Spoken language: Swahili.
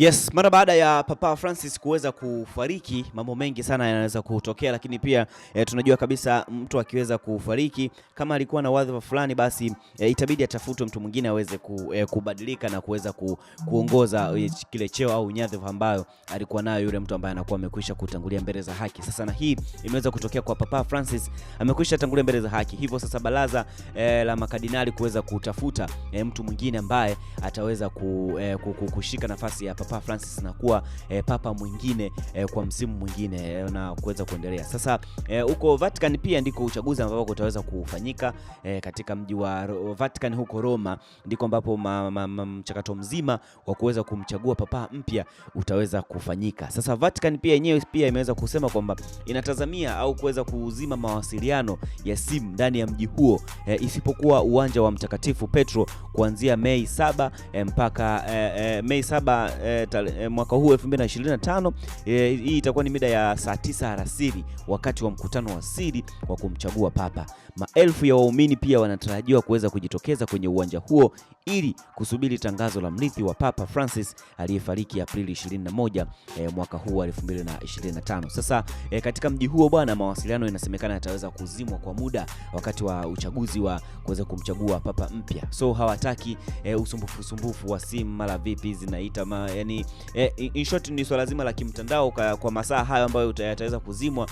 Yes, mara baada ya Papa Francis kuweza kufariki, mambo mengi sana yanaweza kutokea, lakini pia e, tunajua kabisa mtu akiweza kufariki kama alikuwa na wadhifa fulani, basi e, itabidi atafutwe mtu mwingine aweze ku, e, kubadilika na kuweza ku, kuongoza kile cheo au nyadhifa ambayo alikuwa nayo yule mtu ambaye anakuwa amekwisha kutangulia mbele za haki. Sasa na hii imeweza kutokea kwa Papa Francis, amekwisha tangulia mbele za haki, hivyo sasa baraza e, la makadinali kuweza kutafuta e, mtu mwingine ambaye ataweza ku, e, kushika nafasi ya Papa Papa Francis na kuwa e, papa mwingine e, kwa msimu mwingine e, na kuweza kuendelea sasa huko eh, Vatican pia ndiko uchaguzi ambao utaweza kufanyika e, katika mji wa Vatican huko Roma, ndiko ambapo mchakato mzima wa kuweza kumchagua papa mpya utaweza kufanyika. Sasa Vatican pia yenyewe pia imeweza kusema kwamba inatazamia au kuweza kuuzima mawasiliano ya simu ndani ya mji huo e, isipokuwa uwanja wa Mtakatifu Petro kuanzia Mei saba e, mpaka e, e, Mei saba e, e, mwaka huu 2025 e, eh, hii itakuwa ni mida ya saa tisa alasiri wakati wa mkutano wa siri wa kumchagua papa. Maelfu ya waumini pia wanatarajiwa kuweza kujitokeza kwenye uwanja huo ili kusubiri tangazo la mrithi wa Papa Francis aliyefariki Aprili 21 e, eh, mwaka huu wa 2025. Sasa e, katika mji huo bwana, mawasiliano inasemekana yataweza kuzimwa kwa muda wakati wa uchaguzi wa kuweza kumchagua papa mpya, so hawataki e, usumbufu usumbufu wa simu mara vipi zinaita ma, ni eh, in short ni swala zima la kimtandao kwa, masaa hayo ambayo utayataweza kuzimwa